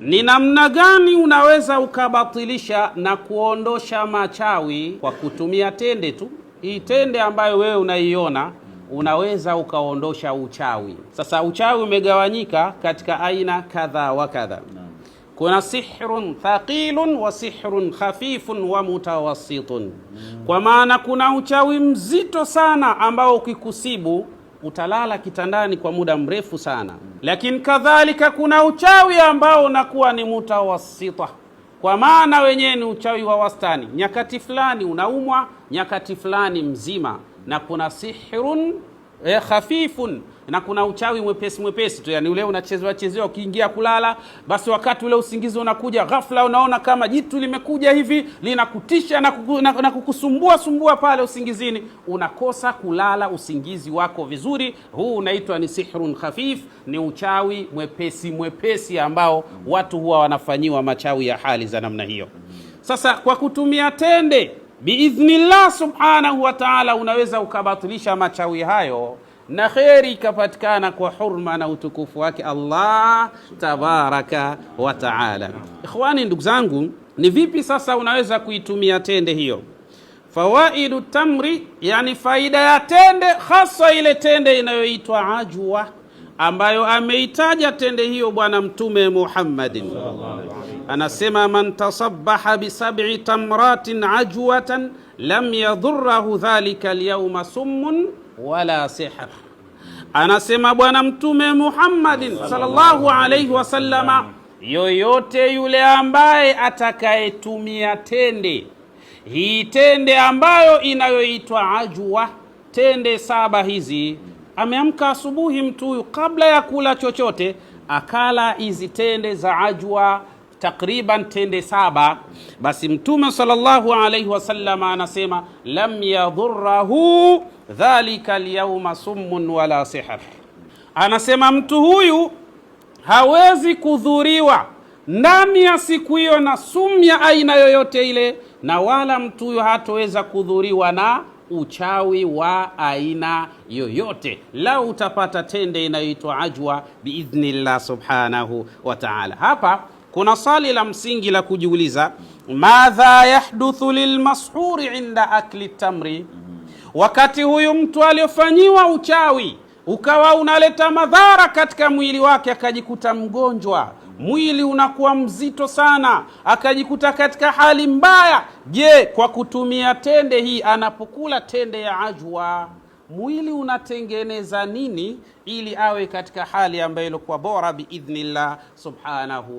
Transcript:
Ni namna gani unaweza ukabatilisha na kuondosha machawi kwa kutumia tende tu. Hii tende ambayo wewe unaiona unaweza ukaondosha uchawi. Sasa uchawi umegawanyika katika aina kadha wa kadha. Kuna sihrun thaqilun wa sihrun khafifun wa mutawassitun, kwa maana kuna uchawi mzito sana ambao ukikusibu utalala kitandani kwa muda mrefu sana. Lakini kadhalika kuna uchawi ambao unakuwa ni mutawasita, kwa maana wenyewe ni uchawi wa wastani, nyakati fulani unaumwa, nyakati fulani mzima, na kuna sihirun eh, khafifun na kuna uchawi mwepesi mwepesi tu, yani ule unachezewa chezewa, ukiingia kulala, basi wakati ule usingizi unakuja ghafla, unaona kama jitu limekuja hivi linakutisha na, kuku, na, na kukusumbua sumbua pale usingizini, unakosa kulala usingizi wako vizuri. Huu unaitwa ni sihrun khafif, ni uchawi mwepesi mwepesi ambao watu huwa wanafanyiwa machawi ya hali za namna hiyo. Sasa kwa kutumia tende biidhnillah subhanahu wa taala, unaweza ukabatilisha machawi hayo na kheri ikapatikana kwa hurma na utukufu wake Allah tabaraka wa taala. Ikhwani, ndugu zangu, ni vipi sasa unaweza kuitumia tende hiyo fawaidu tamri, yani faida ya tende, hasa ile tende inayoitwa ajwa ambayo ameitaja tende hiyo Bwana Mtume Muhammadin anasema, man tasabaha bisabi tamratin ajwatan lam yadhurahu dhalika lyauma summun wala sihr. Anasema Bwana Mtume Muhammadin sallallahu alayhi wasallama, yoyote yule ambaye atakayetumia tende hii, tende ambayo inayoitwa ajwa, tende saba hizi, ameamka asubuhi mtu huyu, kabla ya kula chochote, akala hizi tende za ajwa takriban tende saba, basi Mtume sallallahu alaihi wasallam anasema lam yadhurrahu dhalika alyawma summun wala sihr, anasema mtu huyu hawezi kudhuriwa ndani ya siku hiyo na sumu ya aina yoyote ile, na wala mtu huyo hatoweza kudhuriwa na uchawi wa aina yoyote. Lau utapata tende inayoitwa ajwa biidhnillah subhanahu wa ta'ala. Hapa kuna swali la msingi la kujiuliza, madha yahduthu lilmashuri inda akli tamri, wakati huyu mtu aliofanyiwa uchawi ukawa unaleta madhara katika mwili wake, akajikuta mgonjwa, mwili unakuwa mzito sana, akajikuta katika hali mbaya. Je, kwa kutumia tende hii anapokula tende ya ajwa mwili unatengeneza nini ili awe katika hali ambayo ilikuwa bora biidhnillah subhanahu